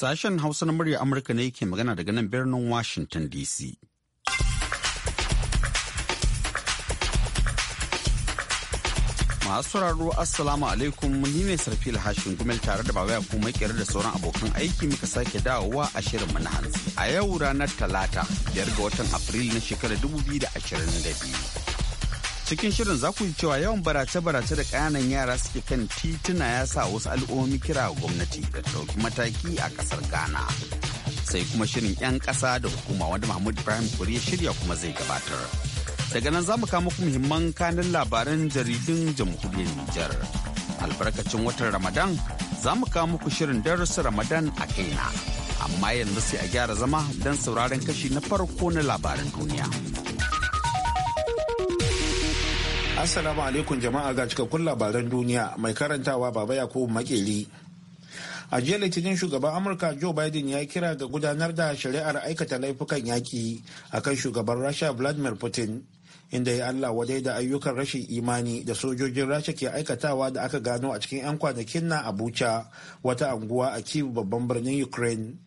Sashen Hausa na murya Amurka ne yake magana daga nan birnin Washington DC. Masu sauraro Assalamu alaikum ni ne sarfi hashin gumel tare da baba ko makiyar da sauran abokan aiki muka sake dawowa a shirin mu na A yau ranar Talata, biyar ga watan Afrilu na shekarar 2022. cikin shirin za ku yi cewa yawan barace-barace da kananan yara suke kan tituna ya sa wasu al'ummi kira gwamnati da ɗauki mataki a ƙasar ghana sai kuma shirin 'yan ƙasa da hukuma wanda mahmud ibrahim kuri ya shirya kuma zai gabatar daga nan za mu kama muku muhimman kanin labaran jaridun jamhuriyar nijar albarkacin watan ramadan za mu kama muku shirin darussa ramadan a kaina amma yanzu sai a gyara zama don sauraron kashi na farko na labaran duniya. Assalamu alaikum jama'a ga cikakkun labaran duniya mai karantawa baba Yakubu Makeli. A jiya litinin shugaban Amurka Joe Biden ya kira ga gudanar da shari'ar aikata laifukan yaƙi a kan shugaban Rasha Vladimir Putin. Inda ya Allah wadai da ayyukan rashin imani da sojojin Rasha ke aikatawa da aka gano a cikin 'yan kwanakin na Abuja wata anguwa a kiwu babban birnin Ukraine.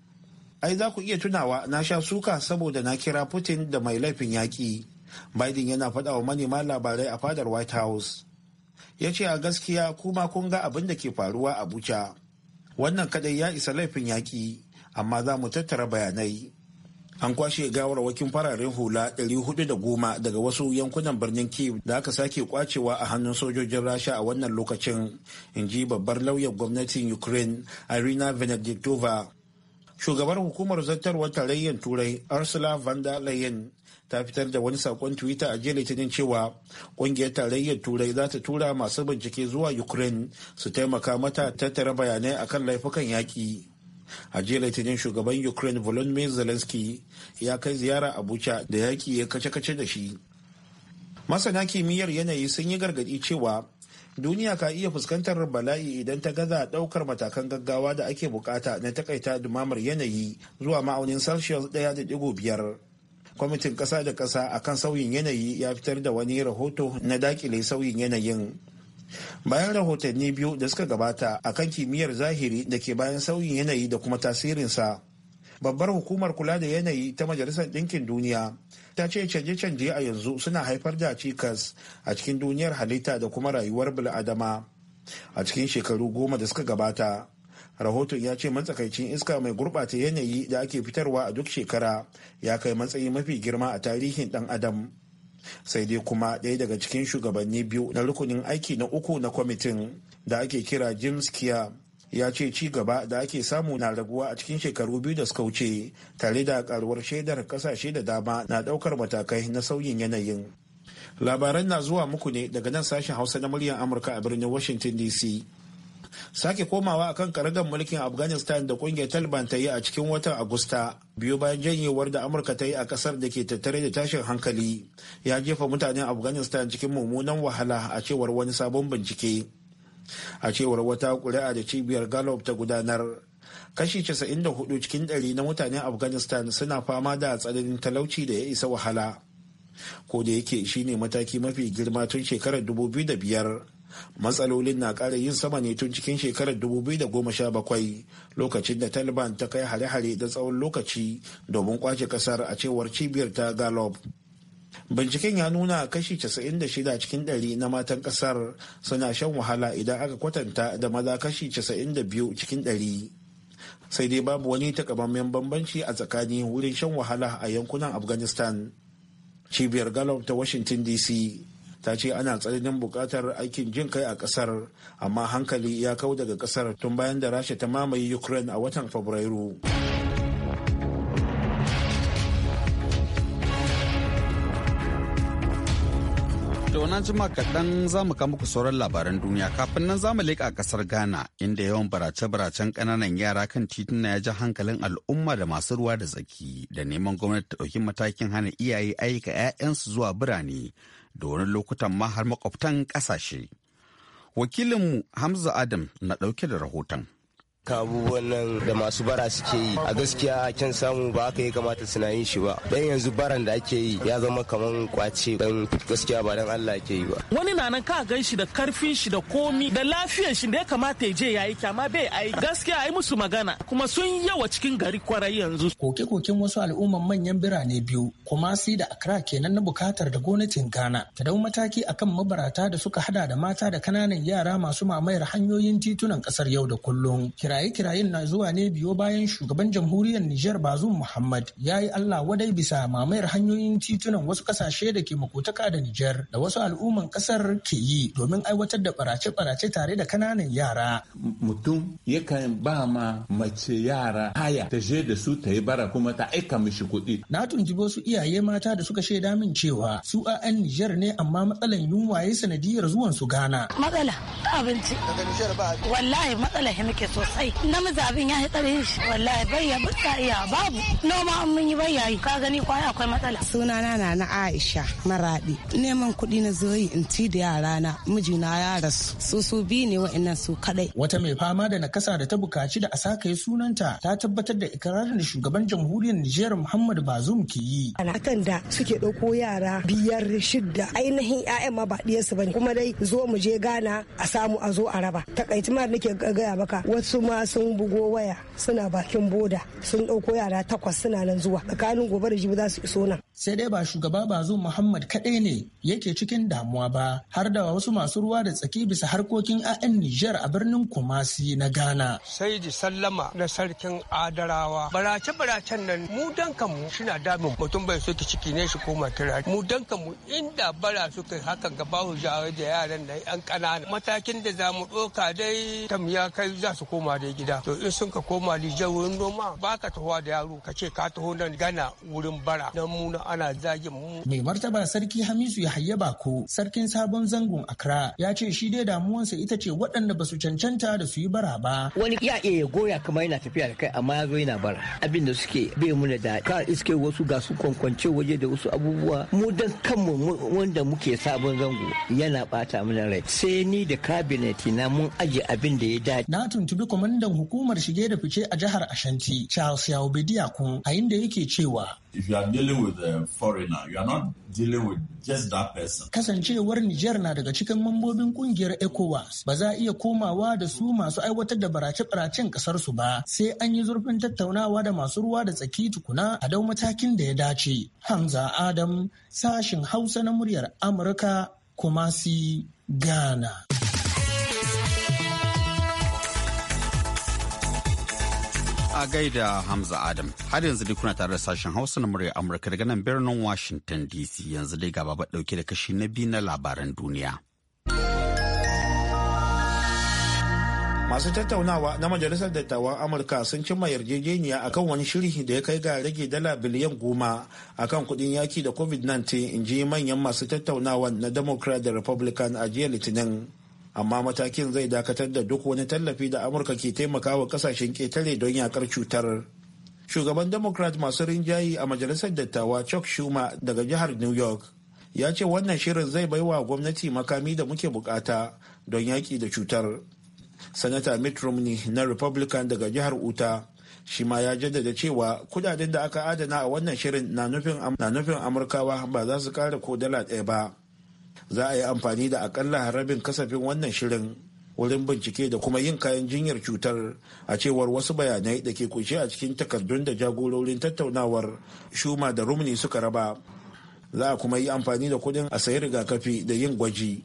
Ai za ku iya tunawa na sha suka saboda na kira Putin da mai laifin yaƙi. biden yana faɗa wa manema labarai a fadar white house ya ce a gaskiya kuma kun ga abin da ke faruwa a abuja wannan kadai ya isa laifin yaƙi amma za mu tattara bayanai an kwashe gawarwakin fararen hula 410 daga wasu yankunan birnin kiev da aka sake kwacewa a hannun sojojin rasha a wannan lokacin in ji babbar lauyan gwamnatin ukraine irina venediktova shugabar hukumar zartarwar tarayyar turai ursula van der leyen ta fitar da wani sakon twitter a jiya litinin cewa kungiyar tarayyar turai za ta tura masu bincike zuwa ukraine su taimaka mata tattara bayanai akan laifukan yaƙi a jiya litinin shugaban ukraine volodymyr zelensky ya kai ziyara abuja da yaƙi ya kace-kace da shi masana kimiyyar yanayi sun yi gargaɗi cewa duniya ka iya fuskantar bala'i idan ta gaza daukar matakan gaggawa da ake bukata na takaita dumamar yanayi zuwa ma'aunin celsius 1.5 kwamitin ƙasa da ƙasa akan sauyin yanayi ya fitar da wani rahoto na dakile sauyin yanayin bayan rahotanni biyu da suka gabata a kan kimiyyar zahiri da ke bayan sauyin yanayi da kuma tasirinsa babbar hukumar kula da yanayi ta majalisar ɗinkin duniya ta ce canje-canje a yanzu suna haifar da cikas a cikin duniyar halitta da kuma rayuwar bil'adama a cikin shekaru goma da suka gabata rahoton ya ce matsakaicin iska mai gurɓata yanayi da ake fitarwa a duk shekara ya kai matsayi mafi girma a tarihin ɗan adam sai dai kuma ɗaya daga cikin shugabanni biyu na rukunin aiki na uku na kwamitin da ake kira james ya ce ci gaba da ake samu na raguwa a cikin shekaru biyu da suka wuce tare da karuwar shaidar kasashe da dama na daukar matakai na sauyin yanayin labaran na zuwa muku ne daga nan sashen hausa na muryar amurka a birnin washington dc sake komawa akan karagar mulkin afghanistan da kungiyar taliban ta yi a cikin watan agusta biyu bayan janyewar da amurka ta yi a kasar da ke tattare da tashin hankali ya jefa mutanen afghanistan cikin mummunan wahala a cewar wani sabon bincike a cewar wata kuri'a da cibiyar gallup ta gudanar kashi 94 cikin ɗari na mutanen afghanistan suna fama da tsananin talauci da ya isa wahala ko da yake shine mataki mafi girma tun shekarar 2005 matsalolin na ƙara yin sama ne tun cikin shekarar 2017 lokacin da taliban ta kai hare-hare da tsawon lokaci domin kwace kasar a cewar cibiyar ta gallup binciken ya nuna kashi 96 cikin ɗari na matan ƙasar suna shan wahala idan aka kwatanta da maza kashi 92 cikin ɗari. sai dai babu wani takamaiman bambanci a tsakanin wurin shan wahala a yankunan afghanistan cibiyar Gallup ta washington dc ta ce ana tsananin buƙatar aikin jin kai a ƙasar amma hankali ya kau daga ƙasar tun bayan da rasha ta mamaye ukraine a watan fabrairu. don jima kaɗan za mu muku sauran labaran duniya kafin nan za mu leƙa ƙasar Ghana inda yawan barace-baracen ƙananan yara kan tituna ya ji hankalin al'umma da masu ruwa da tsaki da neman gwamnati ta ɗauki matakin hana iyaye aika 'ya'yansu zuwa birane da wani lokutan ma har makwabtan ƙasashe. Wakilinmu Hamza Adam na ɗauke da rahoton. ka abubuwan nan da masu bara suke yi a gaskiya a kyan samu ba haka ya kamata suna yin shi ba dan yanzu baran da ake yi ya zama kaman kwace dan gaskiya ba dan Allah ke yi ba wani na nan ka gan shi da karfin shi da komi da lafiyar shi da ya kamata ya je ya yi kama bai ai gaskiya ai musu magana kuma sun yawa cikin gari kwarai yanzu koke-koken wasu al'umman manyan birane biyu kuma sai da Accra kenan na bukatar da gwamnatin Ghana ta dau mataki akan mabarata da suka hada da mata da kananan yara masu mamayar hanyoyin titunan kasar yau da kullum Kiraye-kirayen na zuwa ne biyo bayan shugaban jamhuriyar Nijar Bazoum Muhammad ya yi Allah wadai bisa mamayar hanyoyin titunan wasu kasashe da ke makotaka da Nijar da wasu al'umman kasar ke yi domin aiwatar da barace-barace tare da kananan yara. Mutum yakan ba ma mace yara haya ta je da su ta yi bara kuma ta aika mishi kuɗi. Na tuntubi wasu iyaye mata da suka shaida min cewa su 'ya'yan Nijar ne amma matsalan yunwa ya sanadiyar zuwan su Ghana. Matsala abinci. Daga Wallahi matsala muke sosai. sosai namiji abin ya tsare shi wallahi bai ya iya babu noma an mun yi bayya yi ka gani kwaya akwai matsala suna na na Aisha Maradi neman kuɗi na zoyi in ci da yara na mijina ya rasu su su bi ne wa'annan su kadai wata mai fama da nakasa da ta bukaci da a saka sunanta ta tabbatar da ikrarin da shugaban jamhuriyar Nijar Muhammad Bazoum ke yi akan da suke ɗauko yara biyar shidda ainihin 'ya'yan ma ba ɗiyarsu bane kuma dai zo mu je gana a samu a zo a raba takaitima nake gaya maka wasu kuma sun bugo waya suna bakin boda sun ɗauko yara takwas suna nan zuwa tsakanin gobe da jibi za su iso nan. sai dai ba shugaba ba bazu muhammad kaɗai ne yake cikin damuwa ba har da wasu masu ruwa da tsaki bisa harkokin a'yan nijar a birnin kumasi na ghana. sai ji sallama na sarkin adarawa barace baracen nan mu dankanmu shina damin mutum bai soke ciki ne shi koma kira mu dankanmu inda bara suka haka gaba da yaran da yan ƙanana matakin da za mu ɗauka dai tam ya kai za su koma dai gida to in sun ka koma Nijar wurin noma ba ka tahowa da yaro ka ce ka taho nan gana wurin bara nan mu ana zagin mu. Mai martaba sarki Hamisu ya Yahaya ko. sarkin sabon zangon Accra ya ce shi dai damuwansa ita ce waɗanda ba su cancanta da su yi bara ba. Wani ya iya goya kamar yana tafiya da kai amma ya zo yana bara abin da suke bai mu da ka iske wasu ga su kwankwance waje da wasu abubuwa mu dan kanmu wanda muke sabon zango yana bata mana rai sai ni da kabineti na mun aje abin da ya dace. Na tuntubi kuma kwamandan hukumar shige da fice a jihar Ashanti, Charles Yaubediya kun a inda yake cewa If you are dealing with a foreigner, you are not dealing with just that person. Kasancewar Nijar na daga cikin mambobin kungiyar ECOWAS ba za a iya komawa da su masu aiwatar da barace-baracen kasar su ba sai an yi zurfin tattaunawa da masu ruwa da tsaki tukuna a dau matakin da ya dace. Hamza Adam sashin Hausa na muryar Amurka Kumasi Ghana. A gaida Hamza Adam, har yanzu dai kuna tare da sashen Hausa na murya Amurka daga nan birnin Washington DC yanzu dai gaba ba dauke da kashi na biyu na labaran duniya. Masu tattaunawa na Majalisar Dattawan Amurka sun cimma yarjejeniya akan wani shiri da ya kai ga rage dala biliyan goma akan kudin yaki da COVID-19 in ji manyan masu tattaunawa na Democrat da Republican a jiya Litinin. amma matakin zai dakatar da duk wani tallafi da amurka ke taimakawa kasashen ƙetare don yakar cutar shugaban democrat masu rinjayi a majalisar dattawa chuck schumer daga jihar new york ya ce wannan shirin zai bai wa gwamnati makami da muke bukata don yaƙi da cutar sanata mitt romney na republican daga jihar utah shi ma ya jaddada cewa kudaden da aka adana a wannan shirin na nufin amurkawa ba za su kara ko dala ɗaya ba za a yi amfani da akalla rabin kasafin wannan shirin wurin bincike da kuma yin kayan jinyar cutar a cewar wasu bayanai da ke kunshe a cikin takardun da jagororin tattaunawar shuma da rumni suka raba za a kuma yi amfani da kudin a sayi rigakafi da yin gwaji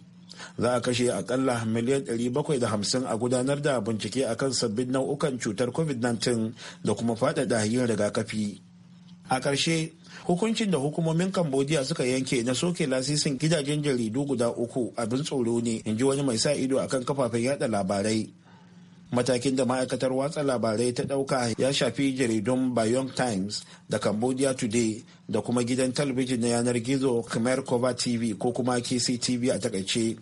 za a kashe akalla miliyan 750 a gudanar da bincike a kan sabbin nau'ukan cutar covid-19 da kuma faɗaɗa yin rigakafi a ƙarshe hukuncin da hukumomin cambodia suka yanke na soke lasisin gidajen jaridu guda uku abin tsoro ne in ji wani mai sa ido akan kafafen yada labarai matakin da ma'aikatar watsa labarai ta ɗauka ya shafi jaridun bayong times da cambodia today da kuma gidan talabijin na yanar gizo khmer cover tv ko kuma kctv a takaice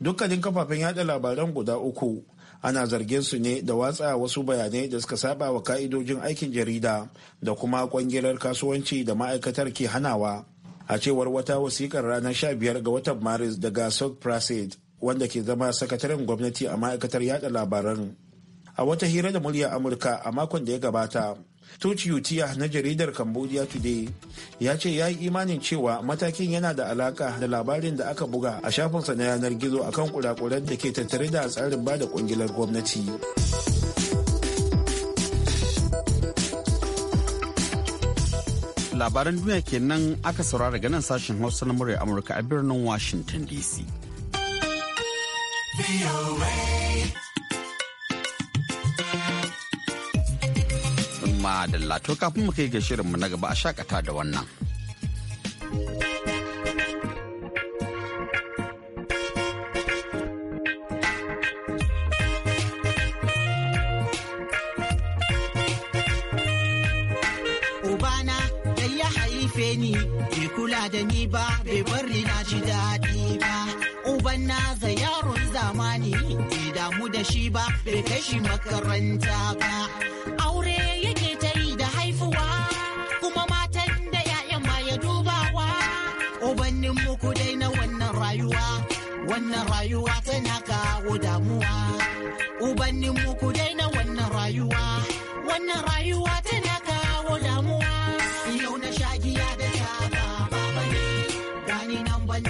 dukkanin kafafen yada labaran guda uku ana zargin su ne da watsa wasu bayanai da suka saba wa ka'idojin aikin jarida da kuma kwangilar kasuwanci da ma'aikatar ke hanawa a cewar wata wasikar ranar 15 ga watan maris daga south prasid wanda ke zama sakataren gwamnati a ma'aikatar yada labaran a wata hira da murya amurka a makon da ya gabata Tuch Utiya na jaridar Cambodia Today ya ce ya yi imanin cewa matakin yana da alaka da labarin da aka buga a shafinsa na yanar gizo a kan kurakuran da ke tattare da tsarin bada kungilar gwamnati. Labaran duniya kenan aka saurara daga nan sashen Hausa na murya Amurka a birnin Washington DC. Madalla to kafin mu kai ga shirinmu na gaba a shakata da wannan. Ubana da ya haife ni, bai kula da ni ba, bai bari na ji daɗi ba. Uban na yaron zamani, bai damu da shi ba, bai kai shi makaranta ba. wannan rayuwa tana kawo damuwa ubannin mu ku daina wannan rayuwa wannan rayuwa tana kawo damuwa yau na shagiya da ta ba ne gani nan ban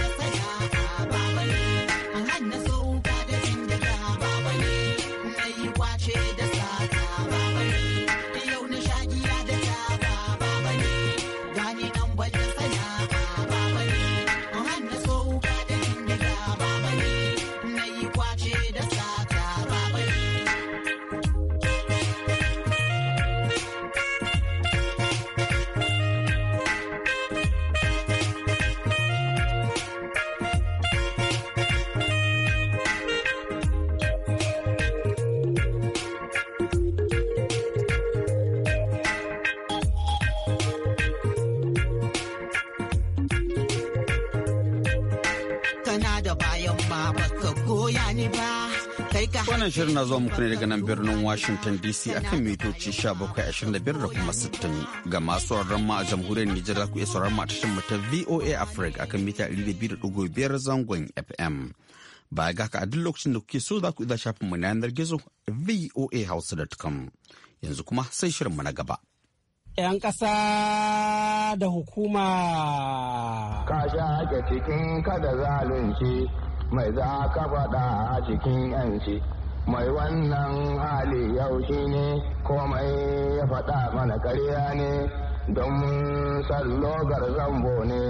shirin na zuwa muku ne daga nan birnin Washington DC akan mitoci 1725 da kuma 60 ga masu sauraron ma a jamhuriyar Nijar za ku iya sauraron ma tashin mu ta VOA Africa akan mita 200.5 zangon FM. ba ga haka a duk lokacin da kuke so za ku iya shafin mu na yanar gizo voahouse.com. Yanzu kuma sai shirin mu na gaba. 'Yan ƙasa da hukuma. Ka sha cikin kada zalunci mai za ka faɗa a cikin 'yanci. mai wannan hali yau shi ne komai ya faɗa mana karya ne don sallogar zambo ne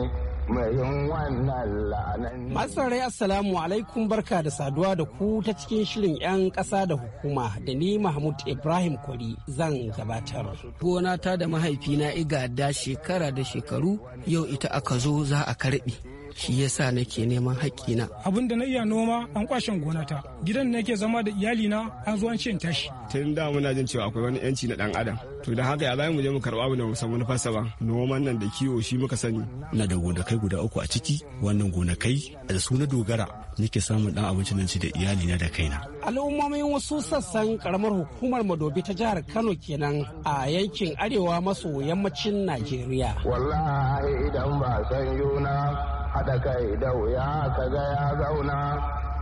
Masarai Assalamu alaikum barka da saduwa da ku ta cikin shirin 'yan ƙasa da hukuma da ni Mahmud Ibrahim Kwari zan gabatar. Gona ta da mahaifina iga da shekara da shekaru yau ita aka zo za a karɓi. shi yasa nake neman haƙƙina abin da na iya noma an kwashen gonata gidan da nake zama da iyalina an zuwa cin tashi tun da muna jin cewa akwai wani yanci na dan adam to da haka ya zai mu je mu karɓa abu da mu san manufarsa ba noman nan da kiwo shi muka sani na da gonakai guda uku a ciki wannan gonakai da su na dogara nake samun ɗan abincin nan ci da iyalina da kaina al'ummomin wasu sassan karamar hukumar madobi ta jihar kano kenan a yankin arewa maso yammacin najeriya wallahi idan ba san yuna haɗa kai da wuya ka ga ya zauna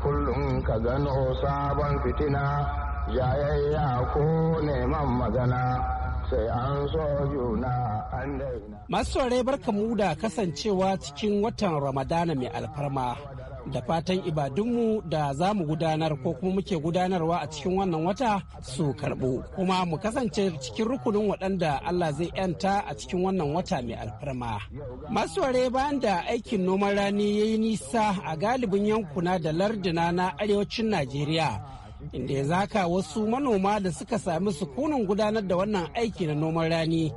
kullum ka gano sabon fitina jayayya ko neman magana sai an so juna an daina. Masu tsoron barkamu da kasancewa cikin watan Ramadana mai alfarma da fatan ibadunmu da za mu gudanar ko kuma muke gudanarwa a cikin wannan wata su karɓu kuma mu kasance cikin rukunin waɗanda Allah zai yanta a cikin wannan wata mai alfarma. Masu ware bayan da aikin noman rani ya yi nisa a galibin yankuna da lardina na arewacin Najeriya. Inda ya zaka wasu manoma da suka sami sukunin gudanar da wannan aiki na noman rani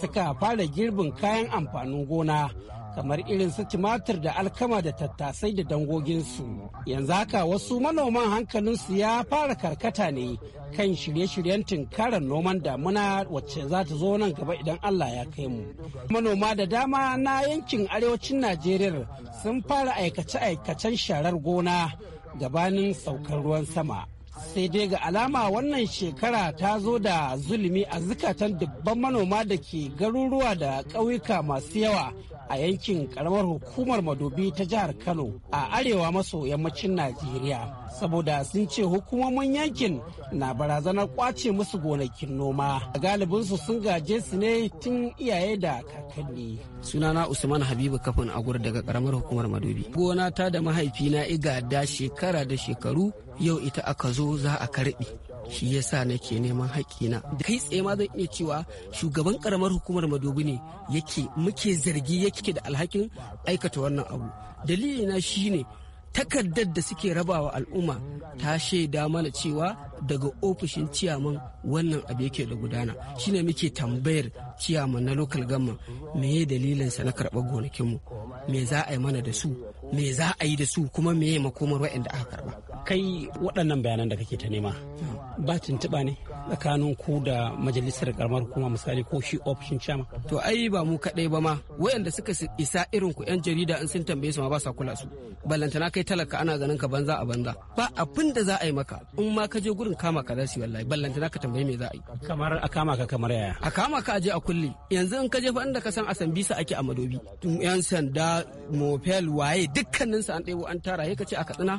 suka fara girbin kayan amfanin gona kamar irin su tumatir da alkama da tattasai da dangoginsu yanzu haka wasu manoman hankalinsu ya fara karkata ne kan shirye-shiryen tunkarar noman damuna wacce za ta zo nan gaba idan allah ya kai mu manoma da dama na yankin arewacin najeriya sun fara aikace-aikacen sharar gona gabanin saukar ruwan sama sai dai ga alama wannan shekara ta zo da zulumi a zukatan dubban manoma da ke garuruwa da ƙauyuka masu yawa a yankin karamar hukumar madobi ta jihar kano a arewa maso yammacin najeriya saboda sun ce hukumomin yankin na barazanar kwace musu gonakin noma galibinsu sun gaje su ne tun iyaye da kakanni sunana usman habibu kafin agur daga karamar hukumar madobi gona ta da mahaifina da shekara da shekaru yau ita aka zo za a karɓi. shi ya yasa nake neman haƙƙina kai tsaye ma zan iya cewa shugaban karamar hukumar madobi ne yake muke zargi yake da alhakin aikata wannan abu dalili na shine takardar da suke rabawa al'umma ta shaida mana cewa daga ofishin ciyaman wannan abu yake da gudana shine muke tambayar ciyaman na lokal gama me ya dalilin sa na karɓar gonakinmu me za a yi mana da su me za a yi da su kuma me ya makomar waɗanda aka karɓa kai waɗannan bayanan da kake ta nema ba tuntuɓa ne tsakanin ku da majalisar karamar hukuma misali ko shi ofishin chama To ai ba mu kaɗai ba ma wayanda suka isa irin ku 'yan jarida in sun tambaye su ma ba sa kula su. Ballantana kai talaka ana ganin ka banza a banza. Ba abin da za a yi maka in ma ka je gurin kama ka za wallahi ballantana ka tambaye me za a yi. Kamar a kama ka kamar yaya. A kama ka je a kulle yanzu in ka je fa inda ka san a san ake a madobi. 'Yan sanda mofel waye dukkaninsu an ɗebo an tara ya ka ce a katsina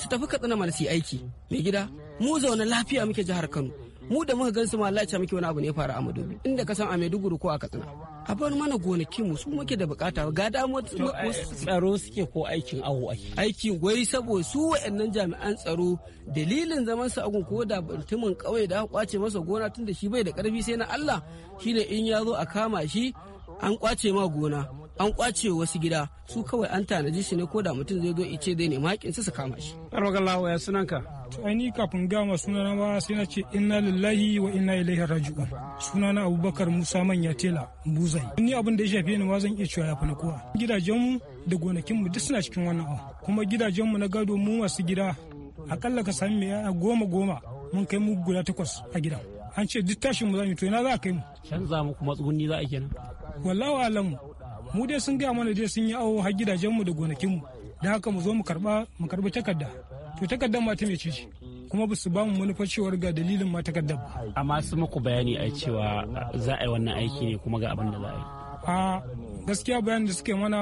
su tafi katsina mana su aiki mai gida mu zaune lafiya muke jihar kano mu da muka gan su ma Allah ya miki wani abu ne ya faru a Maiduguri inda ka san a Maiduguri ko a Katsina a bar mana gonakin mu su muke da bukata ga mu tsaro suke ko aikin awo ake aikin wai saboda su wayannan jami'an tsaro dalilin zaman su agun ko da mutumin kawai da aka kwace masa gona tunda shi bai da karfi sai na Allah shine in ya zo a kama shi an kwace ma gona an kwace wasu gida su kawai an tanaji shi ne ko da mutum zai zo ice zai nema hakin su kama shi lawa ya sunanka to ni kafin gama sunana ba sai na ce inna lillahi wa inna ilaihi raji'un sunana abubakar musa manya tela buzai ni abin da ya shafe ni ma zan iya cewa ya fi na kowa mu da gonakinmu duk suna cikin wannan abu kuma mu na gado mu masu gida akalla ka sami mai goma goma mun kai mu guda takwas a gida an ce duk tashin mu za mu to ina za a kai mu mu kuma tsugunni za a kenan wallahi alamu mu dai sun gaya mana dai sun yi awo har gidajenmu da gonakinmu da haka mu zo mu karba mu karbi takarda to takardar ma ta mece ce kuma ba su ba mu manufar ga dalilin ma takardar ba amma su muku bayani a cewa za a yi wannan aiki ne kuma ga abin da za a yi a gaskiya bayanin da suke mana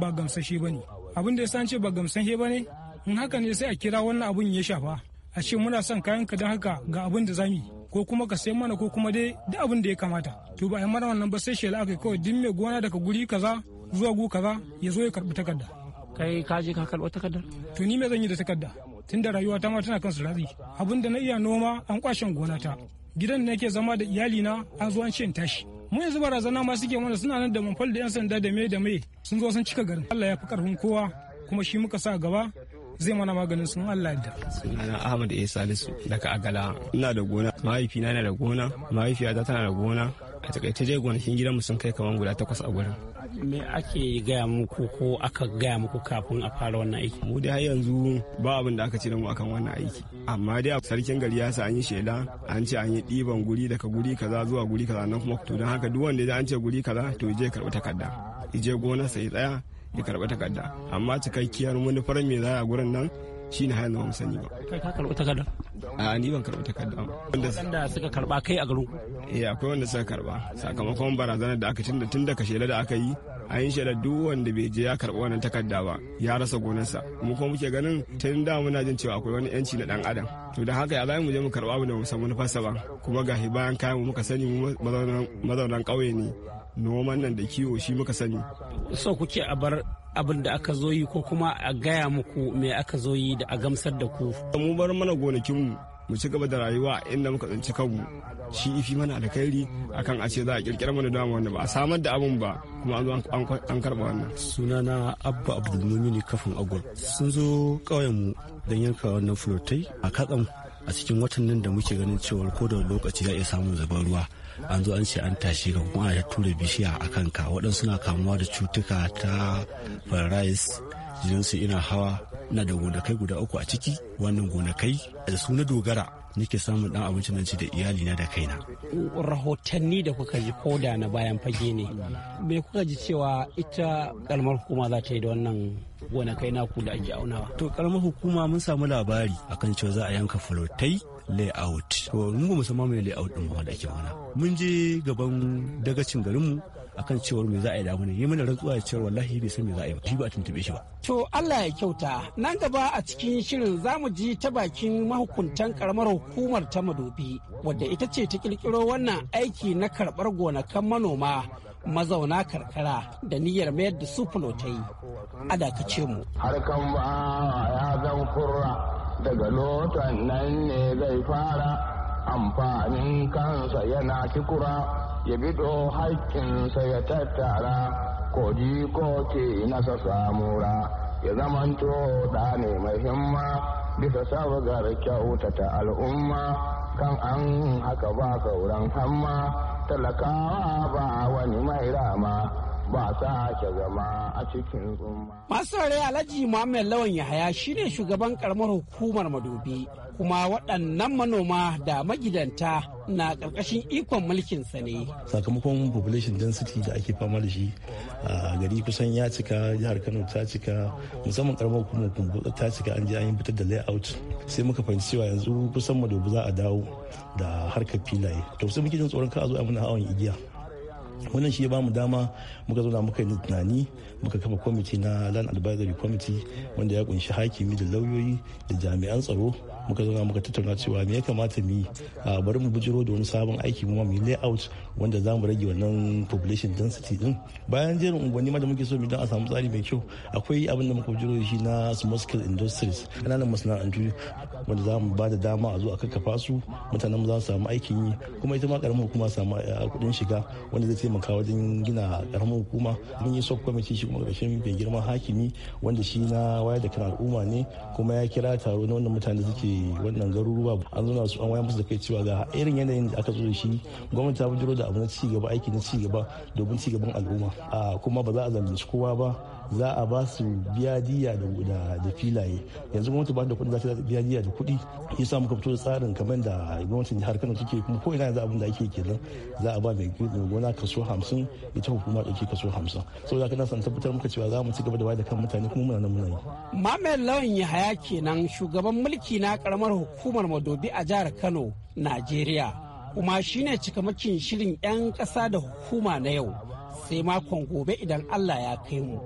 ba gamsashe ba ne abin da ya san ce ba gamsashe ba ne in haka ne sai a kira wannan abun ya shafa a ce muna son kayan ka don haka ga abin da zamu yi ko kuma ka sayan mana ko kuma dai duk abin da ya kamata to ba a mana wannan ba sai shela kai kawai din mai gona daga guri kaza zuwa gu kaza ya zo ya karbi takarda kai ka je ka karɓi takarda. to ni me zan yi da takarda tunda rayuwa ta ma tana kan sirari abin da na iya noma an kwashen gona ta gidan da nake zama da iyalina an zo an ce in tashi mu yanzu barazana ma suke mana suna nan da manfal da yan sanda da me da me sun zo sun cika garin Allah ya fi karfin kowa kuma shi muka sa gaba zai mana maganin sun Allah da. Sunana Ahmad A. Salisu daga Agala. Ina da gona, mahaifina na da gona, mahaifiyata tana da gona. A takaice je gonakin gidanmu sun kai kamar guda takwas a gurin. me ake gaya muku ko aka gaya muku kafin a fara wannan aiki mu dai yanzu ba abin da aka ce da mu akan wannan aiki amma dai a sarkin gari ya sa an yi shela an ce an yi ɗiban guri daga guri kaza zuwa guri kaza nan kuma to don haka duk wanda an ce guri kaza to je karɓi takarda ije gona sai tsaya ya karɓi takarda amma cikakkiyar manufar me za a gurin nan shi ne hanyar wani sani ba. Kai ka karɓi takarda? A ni ban karɓi takarda ba. Wanda suka karɓa kai a garin? Eh akwai wanda suka karɓa sakamakon barazanar da aka tun da kashe da aka yi a yin shaidar duk wanda bai je ya karɓi wannan takarda ba ya rasa gonarsa mu kuma muke ganin tun da muna jin cewa akwai wani yanci na dan adam to da haka ya za mu je mu karɓa mu da mu samu nufarsa ba kuma gashi bayan kayan mu muka sani mu mazaunan ƙauye ne noman nan da kiwo shi muka sani so kuke a bar abin da aka zo yi ko kuma a gaya muku me aka zo yi da a gamsar da ku mu bar mana gonakinmu mu ci gaba da rayuwa inda muka tsinci kanmu shi ifi mana alkhairi akan a ce za a kirkira mana dama wanda ba a samar da abin ba kuma an an karba wannan sunana abba abdulmumini kafin agwal sun zo ƙauyenmu don yanka wannan flotai a katsan a cikin watan nan da muke ganin cewar ko da lokaci za iya samun zaban ruwa an zo an ce an tashi ka kuma ya tura bishiya a kanka waɗansu na kamuwa da cutuka ta farais jinsu ina hawa na da gonakai guda uku a ciki wannan gonakai da su na dogara nake samun dan abinci nan ci da iyali na da kaina. Rahotanni da kuka ji ko da na bayan fage ne. Me kuka ji cewa ita kalmar hukuma za ta yi da wannan gonakai naku da ake aunawa? To kalmar hukuma mun samu labari akan cewa za a yanka fulotai layout mun ba musamman mai layout din ma da ake mana mun je gaban dagacin garinmu akan cewar me za a yi da ne yi mana rantsuwa cewar wallahi bai san me za a yi ba ba tuntube shi ba to Allah ya kyauta nan gaba a cikin shirin zamu ji ta bakin mahukuntan karamar hukumar ta madobi wadda ita ce ta kirkiro wannan aiki na karbar gonakan manoma mazauna karkara da niyyar mayar da su fulotai a dakace mu harkan ba ya zan kurra daga lotan nan ne zai fara amfanin kansa yana kikura ya bido haƙƙinsa ya tattara ji ko ke nasa samura ya zamanto da ne mai himma bisa sabgar kyautata al'umma kan an haka ba sauran hamma talakawa ba wani mai rama ba ke zama a cikin tsumma. Masu rare Alhaji Muhammad Lawan Yahaya shine shugaban karamar hukumar Madobi kuma waɗannan manoma da magidanta na ƙarƙashin ikon mulkin sa ne. Sakamakon population density da ake fama da shi a gari kusan ya cika jihar Kano ta cika musamman karamar hukumar ta cika an je an yi fitar da layout sai muka fahimci cewa yanzu kusan Madobi za a dawo da harkar filaye. To sai muke jin tsoron ka a zo a mana hawan igiya. wannan shi ya bamu dama muka zauna muka yi tunani muka kafa kwamiti na land advisory committee wanda ya kunshi hakimi da lauyoyi da jami'an tsaro muka zauna muka tattauna cewa me ya kamata mu yi bari mu bujiro da wani sabon aiki mu mu layout wanda za mu rage wannan population density din bayan jerin unguwanni ma da muke so mu don a samu tsari mai kyau akwai abin da muka bujiro da shi na small scale industries kananan masana'antu wanda za mu ba da dama a zo a kakkafa su mutanen mu za su samu aikin yi kuma ita ma karamin hukuma samu kuɗin shiga wanda zai taimaka wajen gina karamin hukuma mun yi sub committee shi kuma karshen bai girma hakimi wanda shi na waya da kan al'umma ne kuma ya kira taro na wannan mutane suke suke wannan garuruwa an zuna su an waya musu da kai cewa ga irin yanayin da aka zo da shi gwamnati ta bujiro da abu na cigaba aiki na cigaba domin ci gaban al'umma ah, kuma ba za a zalunci kowa ba za a ba su biya diya da filaye yanzu gwamnati ba da kuɗi za ta biya diya da kuɗi ya muka fito da tsarin kamar da gwamnatin jihar Kano take kuma ko ina yanzu abin da ake kenan za a ba mai gona kaso hamsin ita hukuma da ke kaso hamsin saboda kana san tabbatar muka cewa za mu ci gaba da wayar da kan mutane kuma muna nan muna yi. Mamayar lawan Yahaya kenan shugaban mulki na karamar hukumar Madobi a jihar Kano Najeriya kuma shine cikamakin shirin 'yan ƙasa da hukuma na yau sai makon gobe idan Allah ya kai mu.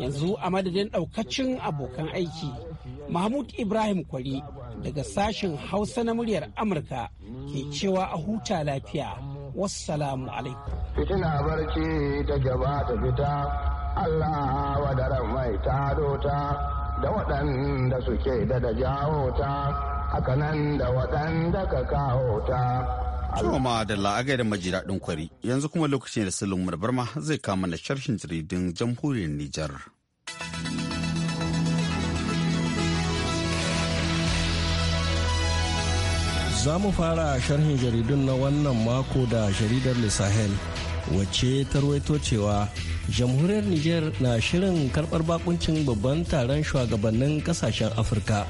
yanzu a madadin daukacin abokan aiki mahmud ibrahim kwari daga sashen hausa na muryar amurka ke cewa a huta lafiya wassalamu alaikum fitina barci ta gaba ta fita allah wadaran mai ta dota da waɗanda suke da da jawo ta hakanan da waɗanda ka kawo ta To ma da la'agai da maji daɗin kwari yanzu kuma lokacin da Sulun Barma zai kama na sharhin jaridun jamhuriyar Nijar. Za mu fara sharhin jaridun na wannan mako da jaridar Lisahel wacce ta ruwaito cewa jamhuriyar Nijar na shirin karɓar bakuncin babban taron shugabannin ƙasashen Afirka.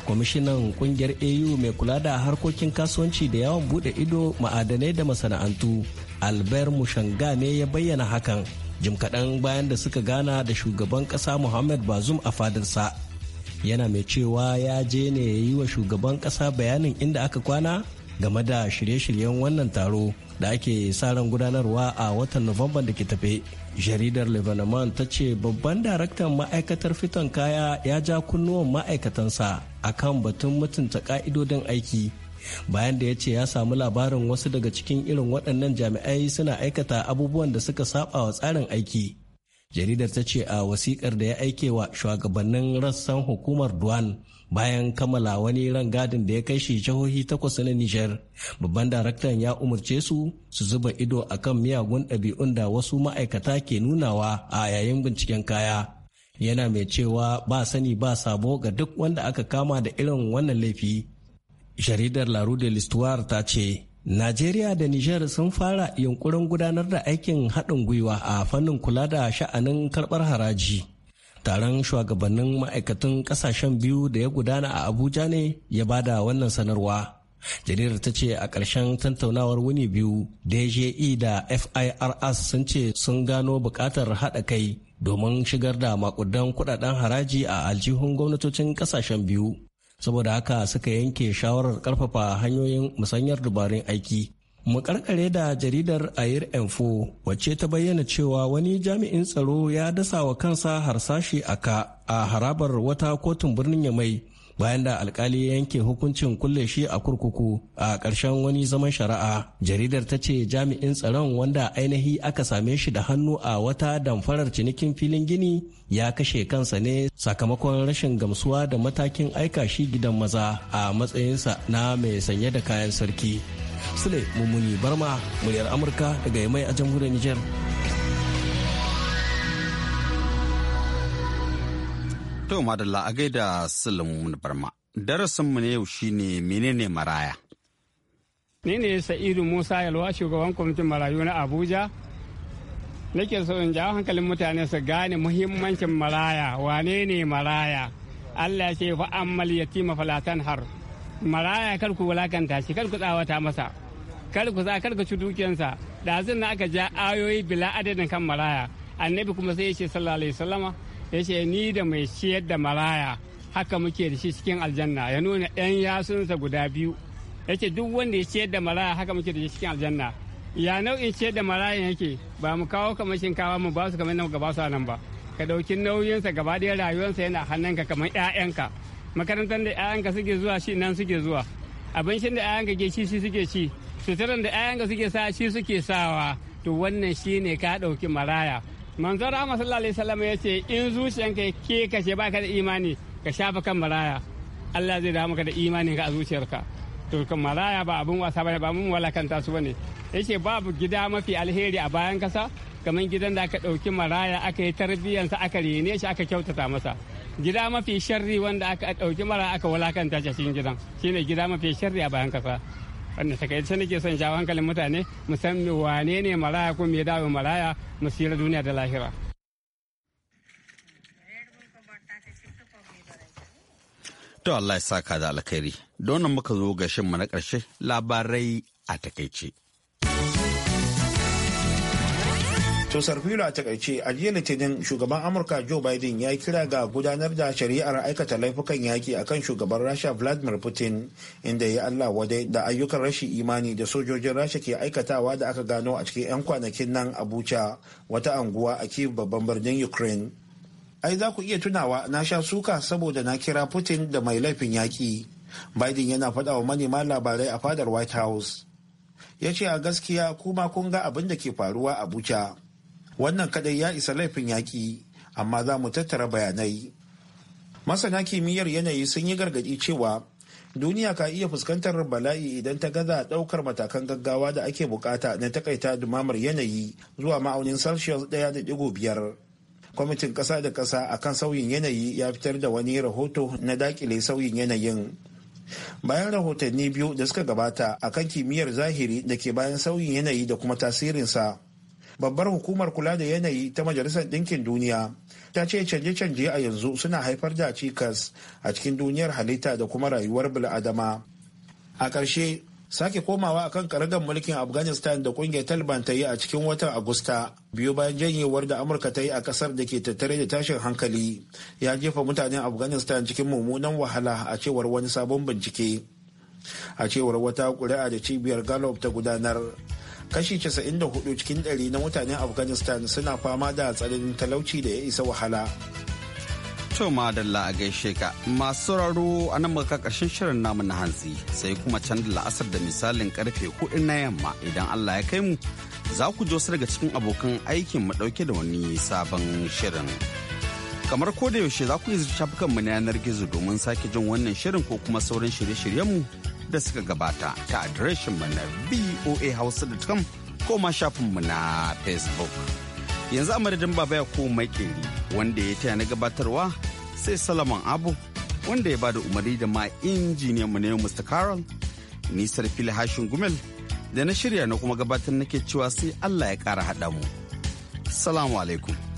kwamishinan kungiyar au mai kula da harkokin kasuwanci da yawon bude ido ma'adanai da masana'antu albert mushanga ne ya bayyana hakan jim kaɗan bayan da suka gana da shugaban ƙasa muhammad bazum a fadarsa yana mai cewa ya je ne ya yi wa shugaban ƙasa bayanin inda aka kwana game da shirye-shiryen wannan taro da ake sa ran gudanarwa a watan Nuwamban da ke tafe. Jaridar Lebanon ta ce babban daraktan ma'aikatar fiton kaya ya ja kunnuwan ma'aikatansa a kan batun mutunta ka'idodin aiki bayan da ya ce ya samu labarin wasu daga cikin irin waɗannan jami'ai suna aikata abubuwan da suka saba wa tsarin aiki jaridar ta ce a wasikar da ya aike wa shugabannin rassan hukumar duwan bayan kammala wani rangadin da ya kai shi jihohi takwas na nijar babban daraktan ya umarce su su zuba ido a kan miyagun ɗabi'un da wasu ma'aikata ke nunawa a yayin binciken kaya yana mai cewa ba sani ba sabo ga duk wanda aka kama da irin wannan laifi jaridar Larude ta ce Najeriya da Nijar sun fara yunkurin gudanar da aikin haɗin gwiwa a fannin kula da sha'anin karɓar haraji. Taron shugabannin ma'aikatan ƙasashen biyu da ya gudana a Abuja ne ya bada wannan sanarwa. Jaridar ta ce a ƙarshen tattaunawar wuni biyu, DJE da FIRS sun ce sun gano buƙatar haɗa kai domin shigar da makudan kudaden haraji a aljihun gwamnatocin ƙasashen biyu. saboda haka suka yanke shawarar karfafa hanyoyin musanyar dubarun aiki mu karkare da jaridar air info wacce ta bayyana cewa wani jami'in tsaro ya dasa wa kansa harsashi a a harabar wata kotun birnin yamai bayan da alkali ya yanke hukuncin kulle shi a kurkuku a ƙarshen wani zaman shari'a jaridar ta ce jami'in tsaron wanda ainihi aka same shi da hannu a wata damfarar cinikin filin gini ya kashe kansa ne sakamakon rashin gamsuwa da matakin aika shi gidan maza a matsayinsa na mai sanye da kayan sarki sule mummuni barma muryar amurka daga mai a jamhuriyar niger To madalla a gaida Sulaimun Barma. Darasinmu ne yau shine menene maraya? Ni ne Sa'idu Musa Yalwa shugaban kwamitin marayu na Abuja. Nake so in jawo hankalin mutane su gane muhimmancin maraya wane ne maraya? Allah ya ce fa ammal yatima falatan har. Maraya kar ku wulakanta shi kar ku tsawata masa. Kar ku za kar ku ci dukiyansa. Da na aka ja ayoyi bila adadin kan maraya. Annabi kuma sai ya ce sallallahu alaihi ya ce ni da mai ciyar da maraya haka muke da shi cikin aljanna ya nuna ɗan yasunsa guda biyu ya ce duk wanda ya ciyar da maraya haka muke da shi cikin aljanna ya nau'in ciyar da maraya yake ba mu kawo kamar shinkawa mu ba su kamar nan gaba su nan ba ka ɗauki nauyinsa gaba ɗaya rayuwarsa yana hannunka kamar ƴaƴanka makarantar da ƴaƴanka suke zuwa shi nan suke zuwa abincin da ƴaƴanka ke ci shi suke ci suturan da 'ya'yanka suke sa shi suke sawa to wannan shine ka ɗauki maraya manzon rahama sallallahu alaihi wasallam ya ce in zuciyanka ke kashe baka da imani ka shafa kan maraya Allah zai dawo maka da imani ga a zuciyarka to kan maraya ba abun wasa bane ba mun walakanta su bane yace babu gida mafi alheri a bayan kasa kamar gidan da aka ɗauki maraya aka yi tarbiyyansa aka rene shi aka kyautata masa gida mafi sharri wanda aka ɗauki maraya aka walakanta shi cikin gidan shine gida mafi sharri a bayan kasa wanda takaice nake son jawo hankalin mutane mu san wane ne maraya ko me dawo maraya mu sira duniya da lahira To Allah ya saka da alkhairi. don nan muka zo ga shin mu na karshe labarai a takaice. To Sarfilo a takaice a jiya Litinin shugaban Amurka Joe Biden ya kira ga gudanar da shari'ar aikata laifukan yaƙi kan shugaban Rasha Vladimir Putin inda ya Allah wadai da ayyukan rashin imani da sojojin Rasha ke aikatawa da aka gano a cikin 'yan kwanakin nan Abuja wata anguwa a Kiev babban birnin Ukraine. Ai za ku iya tunawa na sha suka saboda na kira Putin da mai laifin yaƙi. Biden yana faɗa wa manema labarai a fadar White House. Ya ce a gaskiya kuma kun ga abin da ke faruwa a Abuja. wannan kadai ya isa laifin yaƙi amma za mu tattara bayanai masana kimiyyar yanayi sun yi gargaɗi cewa duniya ka iya fuskantar bala'i idan ta gaza ɗaukar matakan gaggawa da ake bukata na takaita dumamar yanayi zuwa ma'aunin celsius ɗaya da digo biyar kwamitin ƙasa da ƙasa akan sauyin yanayi ya fitar da wani rahoto na dakile sauyin yanayin bayan rahotanni biyu da suka gabata akan kimiyyar zahiri da ke bayan sauyin yanayi da kuma tasirinsa babbar hukumar kula da yanayi ta majalisar ɗinkin duniya ta ce canje-canje a yanzu suna haifar da cikas a cikin duniyar halitta da kuma rayuwar bil'adama a ƙarshe sake komawa akan karagar mulkin afghanistan da ƙungiyar taliban ta yi a cikin watan agusta biyu bayan janyewar da amurka ta yi a ƙasar da ke tattare da tashin hankali ya jefa mutanen afghanistan cikin mummunan wahala a cewar wani sabon bincike a cewar wata ƙuri'a da cibiyar gallup ta gudanar kashi 94 cikin ɗari na mutanen afghanistan suna fama da tsananin talauci da ya isa wahala to madalla a gaishe ka masu sauraro a nan muka karshen shirin namu na hantsi sai kuma can da la'asar da misalin karfe hudu na yamma idan allah ya kai mu za ku ji wasu daga cikin abokan aikin mu dauke da wani sabon shirin kamar ko da yaushe za ku yi shafukan mu na yanar gizo domin sake jin wannan shirin ko kuma sauran shirye shiryen mu da suka gabata ta mu na hausa.com ko ma shafinmu na facebook yanzu a madadin baba ya ko makeri wanda ya taya na gabatarwa sai salaman abu wanda ya ba da umarni da ma injiniyanmu na yau mr carol nisar fili hashin gumel da na shirya na kuma gabatar nake cewa sai allah ya kara haɗa mu salamu alaikum